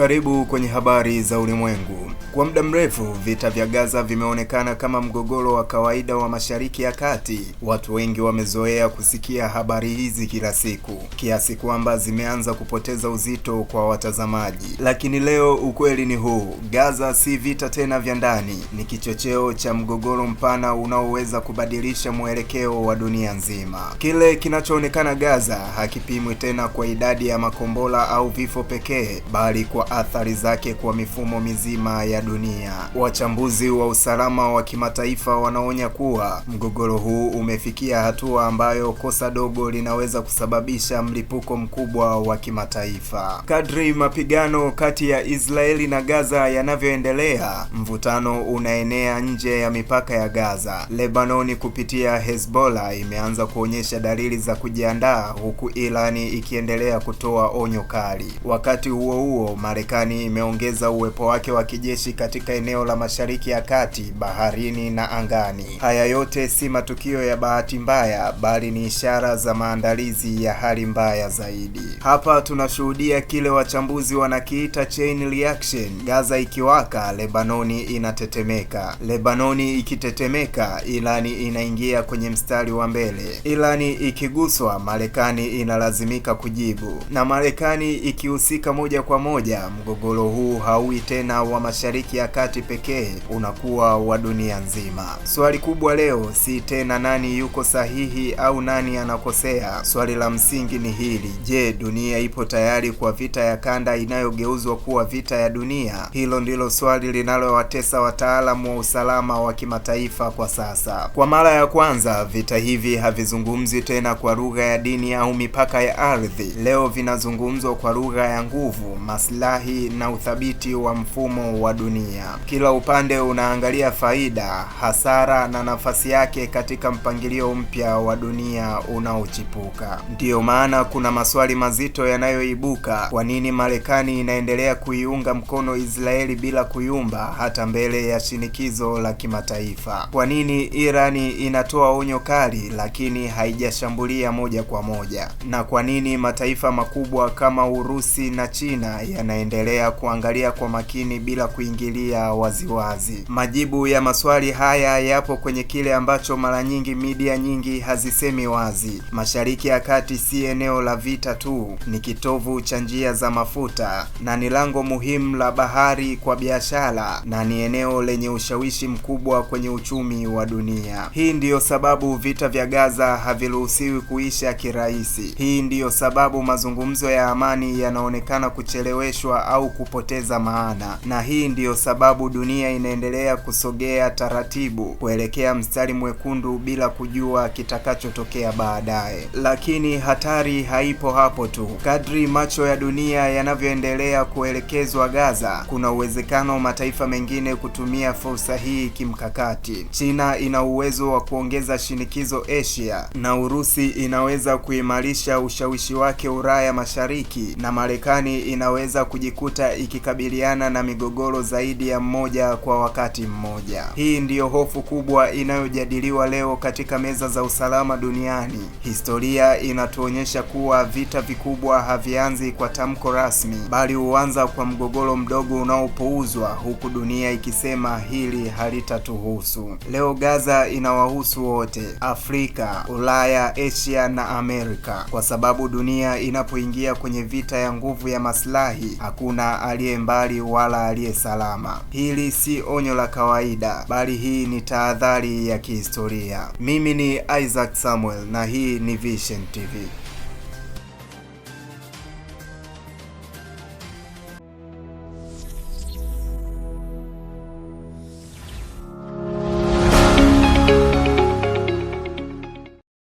Karibu kwenye habari za ulimwengu. Kwa muda mrefu vita vya Gaza vimeonekana kama mgogoro wa kawaida wa Mashariki ya Kati. Watu wengi wamezoea kusikia habari hizi kila siku, kiasi kwamba zimeanza kupoteza uzito kwa watazamaji. Lakini leo ukweli ni huu: Gaza si vita tena vya ndani, ni kichocheo cha mgogoro mpana unaoweza kubadilisha mwelekeo wa dunia nzima. Kile kinachoonekana Gaza hakipimwi tena kwa idadi ya makombora au vifo pekee, bali kwa athari zake kwa mifumo mizima ya dunia. Wachambuzi wa usalama wa kimataifa wanaonya kuwa mgogoro huu umefikia hatua ambayo kosa dogo linaweza kusababisha mlipuko mkubwa wa kimataifa. Kadri mapigano kati ya Israeli na Gaza yanavyoendelea, mvutano unaenea nje ya mipaka ya Gaza. Lebanoni kupitia Hezbollah imeanza kuonyesha dalili za kujiandaa, huku Irani ikiendelea kutoa onyo kali. Wakati huo huo, Marekani Marekani imeongeza uwepo wake wa kijeshi katika eneo la Mashariki ya Kati, baharini na angani. Haya yote si matukio ya bahati mbaya, bali ni ishara za maandalizi ya hali mbaya zaidi. Hapa tunashuhudia kile wachambuzi wanakiita chain reaction, Gaza ikiwaka, Lebanoni inatetemeka, Lebanoni ikitetemeka, Irani inaingia kwenye mstari wa mbele, Irani ikiguswa, Marekani inalazimika kujibu, na Marekani ikihusika moja kwa moja, mgogoro huu hauwi tena wa Mashariki ya Kati pekee, unakuwa wa dunia nzima. Swali kubwa leo si tena nani yuko sahihi au nani anakosea. Swali la msingi ni hili: je, dunia ipo tayari kwa vita ya kanda inayogeuzwa kuwa vita ya dunia? Hilo ndilo swali linalowatesa wataalamu wa usalama wa kimataifa kwa sasa. Kwa mara ya kwanza, vita hivi havizungumzwi tena kwa lugha ya dini au mipaka ya ardhi. Leo vinazungumzwa kwa lugha ya nguvu, maslahi maslahi na uthabiti wa mfumo wa dunia. Kila upande unaangalia faida, hasara na nafasi yake katika mpangilio mpya wa dunia unaochipuka. Ndiyo maana kuna maswali mazito yanayoibuka: kwa nini Marekani inaendelea kuiunga mkono Israeli bila kuyumba, hata mbele ya shinikizo la kimataifa? Kwa nini Irani inatoa onyo kali lakini haijashambulia moja kwa moja? Na kwa nini mataifa makubwa kama Urusi na China yanaendelea kuendelea kuangalia kwa makini bila kuingilia waziwazi -wazi. Majibu ya maswali haya yapo kwenye kile ambacho mara nyingi media nyingi hazisemi wazi. Mashariki ya Kati si eneo la vita tu, ni kitovu cha njia za mafuta na ni lango muhimu la bahari kwa biashara na ni eneo lenye ushawishi mkubwa kwenye uchumi wa dunia. Hii ndiyo sababu vita vya Gaza haviruhusiwi kuisha kirahisi. Hii ndiyo sababu mazungumzo ya amani yanaonekana kucheleweshwa au kupoteza maana, na hii ndiyo sababu dunia inaendelea kusogea taratibu kuelekea mstari mwekundu bila kujua kitakachotokea baadaye. Lakini hatari haipo hapo tu. Kadri macho ya dunia yanavyoendelea kuelekezwa Gaza, kuna uwezekano mataifa mengine kutumia fursa hii kimkakati. China ina uwezo wa kuongeza shinikizo Asia, na Urusi inaweza kuimarisha ushawishi wake Ulaya Mashariki, na Marekani inaweza kuji kujikuta ikikabiliana na migogoro zaidi ya mmoja kwa wakati mmoja. Hii ndiyo hofu kubwa inayojadiliwa leo katika meza za usalama duniani. Historia inatuonyesha kuwa vita vikubwa havianzi kwa tamko rasmi, bali huanza kwa mgogoro mdogo unaopuuzwa, huku dunia ikisema hili halitatuhusu. Leo Gaza inawahusu wote, Afrika, Ulaya, Asia na Amerika, kwa sababu dunia inapoingia kwenye vita ya nguvu ya maslahi hakuna aliye mbali wala aliye salama. Hili si onyo la kawaida, bali hii ni tahadhari ya kihistoria. Mimi ni Isaac Samuel na hii ni Vision TV.